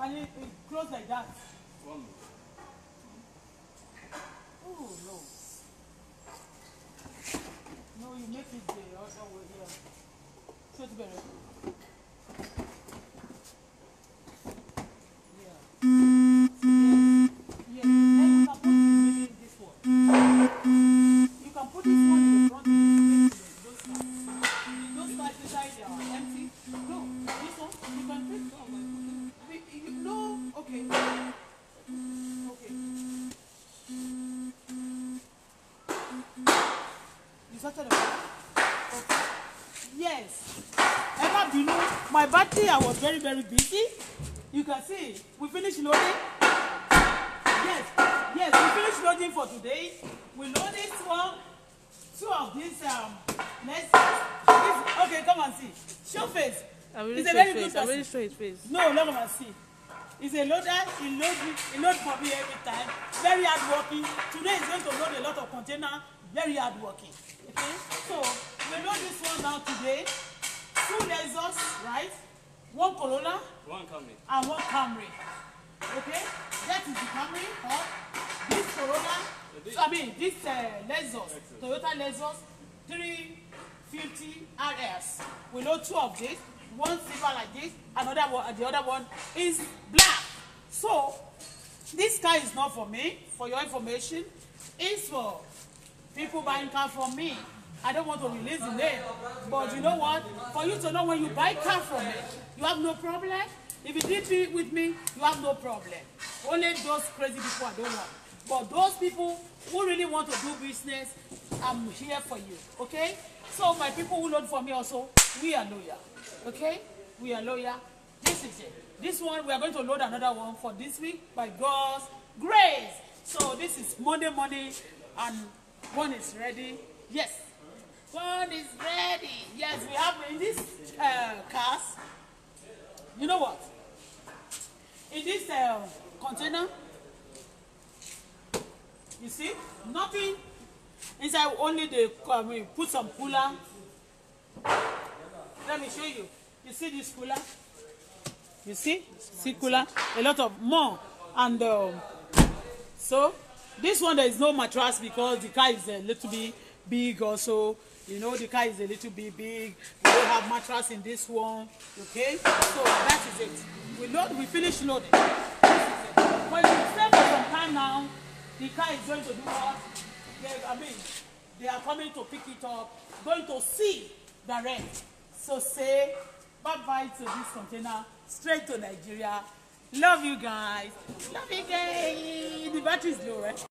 Can you eh, close like that? One minute. Oh, no. No, you make it the other way here. So it's better. Yes. Ever you know, my birthday I was very, very busy. You can see, we finished loading. Yes, yes, we finished loading for today. We load this one, two of these um let's this, okay, come and see. Show face. I really show his face. I will really show his face. No, let me see. He's a loader, he loads he loads for me every time. Very hard working. Today he's going to load a lot of container, very hard working. Okay, so we know this one now today. Two Lexus, right? One Corolla. One Camry. And one Camry. Okay, that is the Camry or this Corolla. This, I mean, this uh, Lexus, Toyota Lexus 350 RS. We know two of these. One silver like this, another one, the other one is black. So, this car is not for me, for your information. It's for people buying car from me. I don't want to release the name. But you know what? For you to know when you buy car from me, you have no problem. If you did be with me, you have no problem. Only those crazy people I don't want. But those people who really want to do business, I'm here for you. Okay? So my people who loan for me also, we are lawyer. Okay? We are lawyer. This is it. This one, we are going to load another one for this week by God's grace. So this is Monday morning and One is ready. Yes. One is ready. Yes, we have in this uh, cast. You know what? In this uh, container, you see, nothing inside. Only the I um, mean, put some cooler. Let me show you. You see this cooler? You see, see cooler. A lot of more and um, so this one there is no mattress because the car is a little bit big also you know the car is a little bit big we don't have mattress in this one okay so that is it we load we finish loading this is it but if you stay for some time now the car is going to do what they i mean they are coming to pick it up going to see the rent so say bye bye to this container straight to nigeria love you guys love you guys the battery is low right eh?